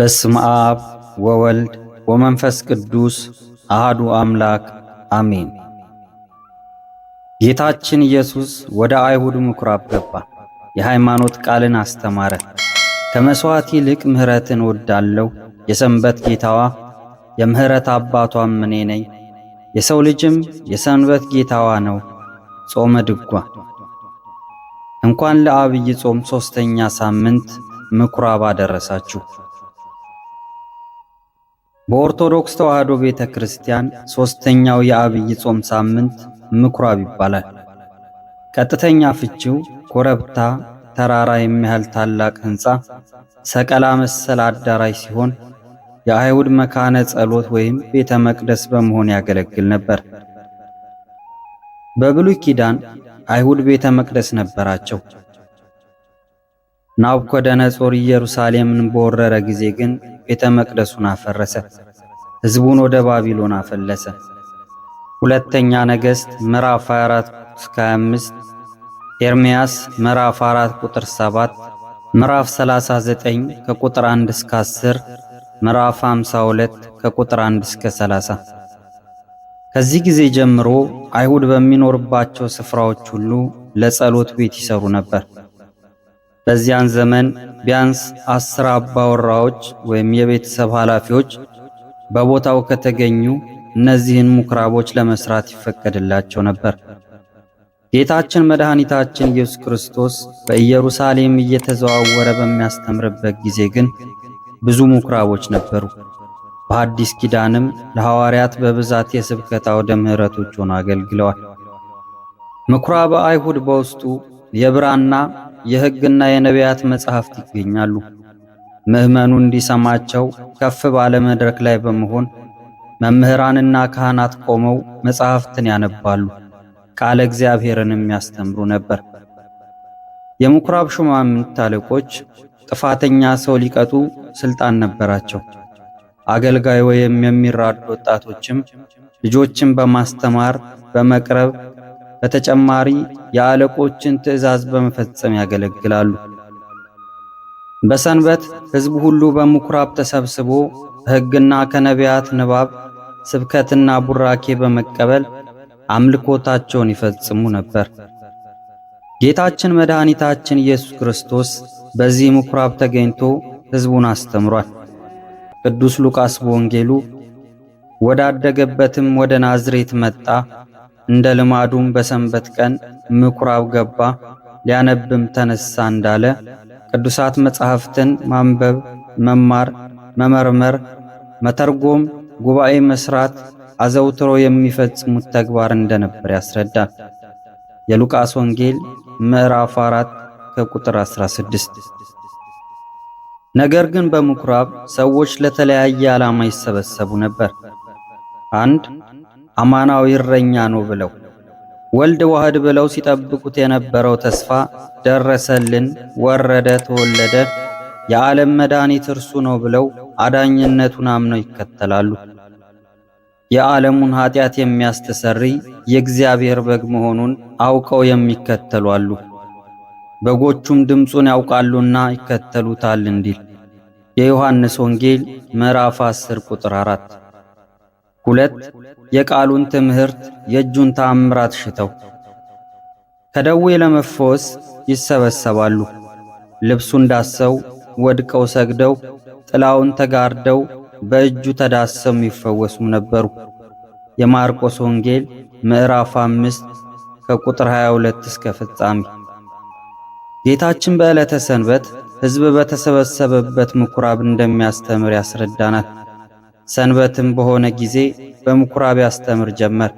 በስም አብ ወወልድ ወመንፈስ ቅዱስ አህዱ አምላክ አሜን። ጌታችን ኢየሱስ ወደ አይሁድ ምኩራብ ገባ፣ የሃይማኖት ቃልን አስተማረ። ከመሥዋዕት ይልቅ ምሕረትን ወዳለው የሰንበት ጌታዋ የምሕረት አባቷም እኔ ነኝ፣ የሰው ልጅም የሰንበት ጌታዋ ነው። ጾመ ድጓ እንኳን ለአብይ ጾም ሦስተኛ ሳምንት ምኩራባ አደረሳችሁ። በኦርቶዶክስ ተዋሕዶ ቤተ ክርስቲያን ሦስተኛው የአብይ ጾም ሳምንት ምኵራብ ይባላል። ቀጥተኛ ፍቺው ኮረብታ ተራራ የሚያህል ታላቅ ሕንፃ ሰቀላ መሰል አዳራሽ ሲሆን የአይሁድ መካነ ጸሎት ወይም ቤተ መቅደስ በመሆን ያገለግል ነበር። በብሉይ ኪዳን አይሁድ ቤተ መቅደስ ነበራቸው። ናቡከደነጾር ኢየሩሳሌምን በወረረ ጊዜ ግን ቤተ መቅደሱን አፈረሰ፣ ሕዝቡን ወደ ባቢሎን አፈለሰ። ሁለተኛ ነገሥት ምዕራፍ 24 እስከ 25፣ ኤርምያስ ምዕራፍ 4 ቁጥር 7፣ ምዕራፍ 39 ከቁጥር 1 እስከ 10፣ ምዕራፍ 52 ከቁጥር 1 እስከ 30። ከዚህ ጊዜ ጀምሮ አይሁድ በሚኖርባቸው ስፍራዎች ሁሉ ለጸሎት ቤት ይሰሩ ነበር። በዚያን ዘመን ቢያንስ አስር አባወራዎች ወይም የቤተሰብ ኃላፊዎች በቦታው ከተገኙ እነዚህን ምኩራቦች ለመስራት ይፈቀድላቸው ነበር። ጌታችን መድኃኒታችን ኢየሱስ ክርስቶስ በኢየሩሳሌም እየተዘዋወረ በሚያስተምርበት ጊዜ ግን ብዙ ምኩራቦች ነበሩ። በአዲስ ኪዳንም ለሐዋርያት በብዛት የስብከት አውደ ምሕረቶች ሆኖ አገልግለዋል። ምኩራበ አይሁድ በውስጡ የብራና የሕግና የነቢያት መጻሕፍት ይገኛሉ። ምዕመኑ እንዲሰማቸው ከፍ ባለ መድረክ ላይ በመሆን መምህራንና ካህናት ቆመው መጻሕፍትን ያነባሉ፣ ቃለ እግዚአብሔርንም ያስተምሩ ነበር። የምኩራብ ሹማምንት አለቆች ጥፋተኛ ሰው ሊቀጡ ስልጣን ነበራቸው። አገልጋይ ወይም የሚራዱ ወጣቶችም ልጆችን በማስተማር በመቅረብ በተጨማሪ የአለቆችን ትዕዛዝ በመፈጸም ያገለግላሉ። በሰንበት ሕዝብ ሁሉ በምኩራብ ተሰብስቦ በሕግና ከነቢያት ንባብ ስብከትና ቡራኬ በመቀበል አምልኮታቸውን ይፈጽሙ ነበር። ጌታችን መድኃኒታችን ኢየሱስ ክርስቶስ በዚህ ምኩራብ ተገኝቶ ሕዝቡን አስተምሯል። ቅዱስ ሉቃስ በወንጌሉ ወዳደገበትም ወደ ናዝሬት መጣ እንደ ልማዱም በሰንበት ቀን ምኩራብ ገባ ሊያነብም ተነሳ እንዳለ ቅዱሳት መጻሕፍትን ማንበብ፣ መማር፣ መመርመር፣ መተርጎም፣ ጉባኤ መስራት አዘውትሮ የሚፈጽሙት ተግባር እንደነበር ያስረዳል። የሉቃስ ወንጌል ምዕራፍ 4 ከቁጥር 16። ነገር ግን በምኩራብ ሰዎች ለተለያየ ዓላማ ይሰበሰቡ ነበር። አንድ አማናዊ እረኛ ነው ብለው ወልድ ዋህድ ብለው ሲጠብቁት የነበረው ተስፋ ደረሰልን፣ ወረደ፣ ተወለደ፣ የዓለም መድኃኒት እርሱ ነው ብለው አዳኝነቱን አምነው ይከተላሉ። የዓለሙን ኀጢአት የሚያስተሰሪ የእግዚአብሔር በግ መሆኑን አውቀው የሚከተሉ አሉ። በጎቹም ድምፁን ያውቃሉና ይከተሉታል እንዲል የዮሐንስ ወንጌል ምዕራፍ 10 ቁጥር 4 ሁለት የቃሉን ትምህርት የእጁን ተአምራት ሽተው ከደዌ ለመፈወስ ይሰበሰባሉ። ልብሱን ዳሰው ወድቀው ሰግደው ጥላውን ተጋርደው በእጁ ተዳሰው የሚፈወሱ ነበሩ። የማርቆስ ወንጌል ምዕራፍ 5 ከቁጥር 22 እስከ ፍጻሜ። ጌታችን በዕለተ ሰንበት ሕዝብ በተሰበሰበበት ምኩራብ እንደሚያስተምር ያስረዳናል። ሰንበትም በሆነ ጊዜ በምኩራብ ያስተምር ጀመር።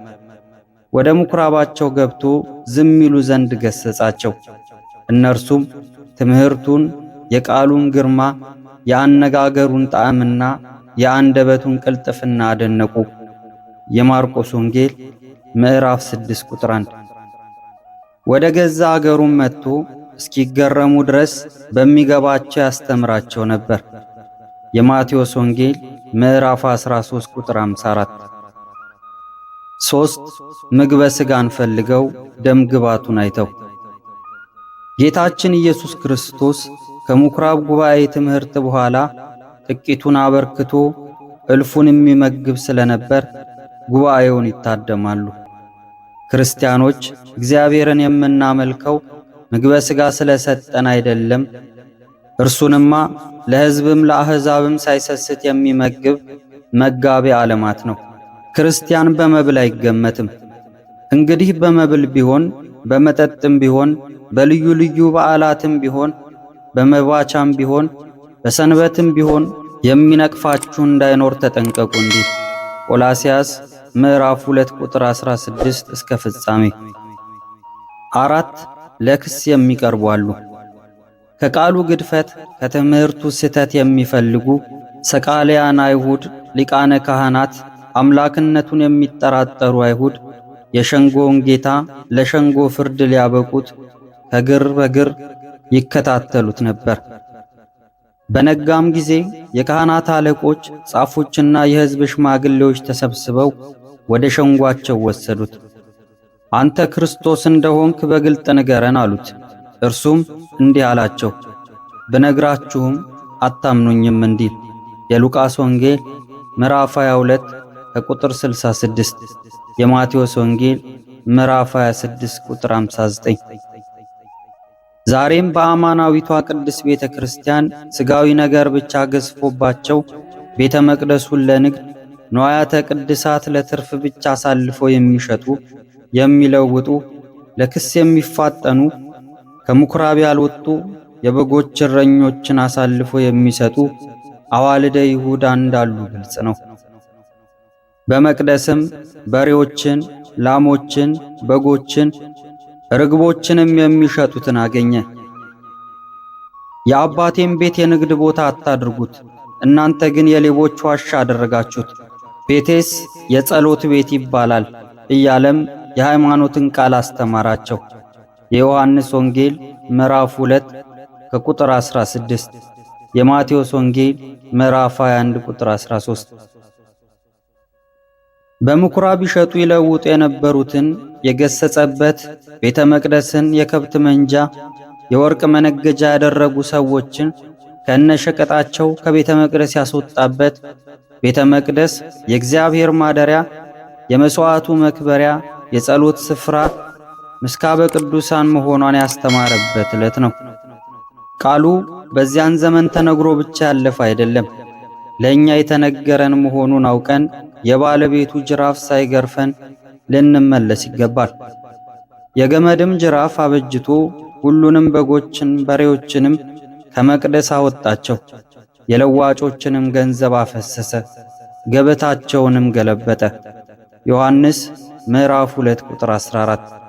ወደ ምኩራባቸው ገብቶ ዝም ይሉ ዘንድ ገሰጻቸው። እነርሱም ትምህርቱን፣ የቃሉን ግርማ፣ የአነጋገሩን ጣዕምና የአንደበቱን ቅልጥፍና አደነቁ። የማርቆስ ወንጌል ምዕራፍ 6 ቁጥር 1። ወደ ገዛ አገሩም መጥቶ እስኪገረሙ ድረስ በሚገባቸው ያስተምራቸው ነበር። የማቴዎስ ወንጌል ምዕራፍ 13 ቁጥር 54 ሶስት ምግበ ስጋን ፈልገው ደም ግባቱን አይተው ጌታችን ኢየሱስ ክርስቶስ ከምኵራብ ጉባኤ ትምህርት በኋላ ጥቂቱን አበርክቶ እልፉን የሚመግብ ስለነበር ጉባኤውን ይታደማሉ። ክርስቲያኖች እግዚአብሔርን የምናመልከው ምግበ ስጋ ስለሰጠን አይደለም እርሱንማ ለሕዝብም ለአሕዛብም ሳይሰስት የሚመግብ መጋቢ ዓለማት ነው። ክርስቲያን በመብል አይገመትም። እንግዲህ በመብል ቢሆን በመጠጥም ቢሆን በልዩ ልዩ በዓላትም ቢሆን በመባቻም ቢሆን በሰንበትም ቢሆን የሚነቅፋችሁ እንዳይኖር ተጠንቀቁ። እንዲህ ቆላሲያስ ምዕራፍ 2 ቁጥር 16 እስከ ፍጻሜ። አራት ለክስ የሚቀርቡ አሉ። ከቃሉ ግድፈት ከትምህርቱ ስህተት የሚፈልጉ ሰቃልያን አይሁድ፣ ሊቃነ ካህናት፣ አምላክነቱን የሚጠራጠሩ አይሁድ የሸንጎውን ጌታ ለሸንጎ ፍርድ ሊያበቁት ከግር በግር ይከታተሉት ነበር። በነጋም ጊዜ የካህናት አለቆች ጻፎችና የሕዝብ ሽማግሌዎች ተሰብስበው ወደ ሸንጓቸው ወሰዱት። አንተ ክርስቶስ እንደሆንክ በግልጥ ንገረን አሉት። እርሱም እንዲህ አላቸው፣ ብነግራችሁም አታምኑኝም እንዲል የሉቃስ ወንጌል ምዕራፍ 22 ከቁጥር 66፣ የማቴዎስ ወንጌል ምዕራፍ 26 ቁጥር 59። ዛሬም በአማናዊቷ ቅድስት ቤተ ክርስቲያን ሥጋዊ ነገር ብቻ ገዝፎባቸው ቤተ መቅደሱን ለንግድ ንዋያተ ቅድሳት ለትርፍ ብቻ አሳልፈው የሚሸጡ የሚለውጡ ለክስ የሚፋጠኑ ከምኩራብ ያልወጡ የበጎች እረኞችን አሳልፎ የሚሰጡ አዋልደ ይሁዳ እንዳሉ ግልጽ ነው። በመቅደስም በሬዎችን፣ ላሞችን፣ በጎችን፣ ርግቦችንም የሚሸጡትን አገኘ። የአባቴም ቤት የንግድ ቦታ አታድርጉት፣ እናንተ ግን የሌቦች ዋሻ አደረጋችሁት፣ ቤቴስ የጸሎት ቤት ይባላል እያለም የሃይማኖትን ቃል አስተማራቸው። የዮሐንስ ወንጌል ምዕራፍ 2 ከቁጥር 16፣ የማቴዎስ ወንጌል ምዕራፍ 21 ቁጥር 13። በምኩራብ ይሸጡ ይለውጡ የነበሩትን የገሰጸበት ቤተ መቅደስን የከብት መንጃ የወርቅ መነገጃ ያደረጉ ሰዎችን ከነሸቀጣቸው ከቤተ መቅደስ ያስወጣበት ቤተ መቅደስ የእግዚአብሔር ማደሪያ፣ የመስዋዕቱ መክበሪያ፣ የጸሎት ስፍራ ምስካበ ቅዱሳን መሆኗን ያስተማረበት ዕለት ነው። ቃሉ በዚያን ዘመን ተነግሮ ብቻ ያለፈ አይደለም። ለእኛ የተነገረን መሆኑን አውቀን የባለቤቱ ጅራፍ ሳይገርፈን ልንመለስ ይገባል። የገመድም ጅራፍ አበጅቶ ሁሉንም በጎችን በሬዎችንም ከመቅደስ አወጣቸው። የለዋጮችንም ገንዘብ አፈሰሰ፣ ገበታቸውንም ገለበጠ። ዮሐንስ ምዕራፍ 2 ቁጥር 14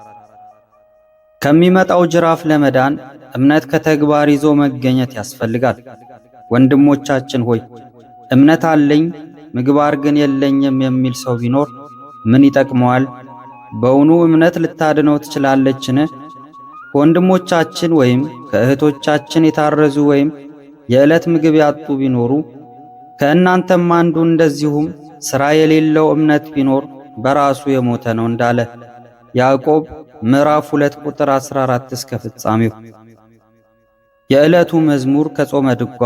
ከሚመጣው ጅራፍ ለመዳን እምነት ከተግባር ይዞ መገኘት ያስፈልጋል። ወንድሞቻችን ሆይ እምነት አለኝ ምግባር ግን የለኝም የሚል ሰው ቢኖር ምን ይጠቅመዋል? በውኑ እምነት ልታድነው ትችላለችን? ከወንድሞቻችን ወይም ከእህቶቻችን የታረዙ ወይም የዕለት ምግብ ያጡ ቢኖሩ ከእናንተም አንዱ እንደዚሁም ሥራ የሌለው እምነት ቢኖር በራሱ የሞተ ነው እንዳለ ያዕቆብ ምዕራፍ 2 ቁጥር 14 እስከ ፍጻሜው። የዕለቱ መዝሙር ከጾመ ድጓ።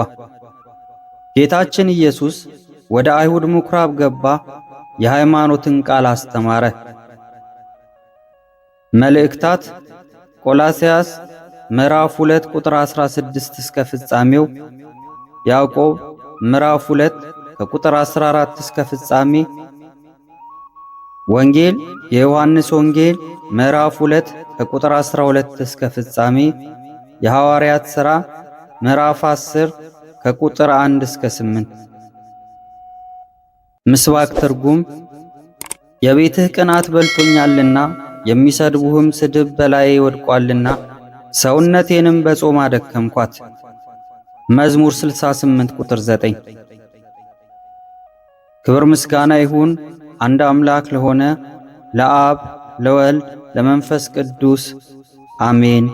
ጌታችን ኢየሱስ ወደ አይሁድ ምኵራብ ገባ፣ የሃይማኖትን ቃል አስተማረ። መልእክታት ቆላስያስ ምዕራፍ 2 ቁጥር 16 እስከ ፍጻሜው፣ ያዕቆብ ምዕራፍ 2 ከቁጥር 14 እስከ ፍጻሜ ወንጌል የዮሐንስ ወንጌል ምዕራፍ 2 ከቁጥር 12 እስከ ፍጻሜ፣ የሐዋርያት ሥራ ምዕራፍ 10 ከቁጥር 1 እስከ 8። ምስባክ ትርጉም የቤትህ ቅናት በልቶኛልና የሚሰድቡህም ስድብ በላዬ ወድቋልና ሰውነቴንም በጾም አደከምኳት። መዝሙር 68 ቁጥር 9። ክብር ምስጋና ይሁን አንድ አምላክ ለሆነ ለአብ ለወልድ ለመንፈስ ቅዱስ አሜን።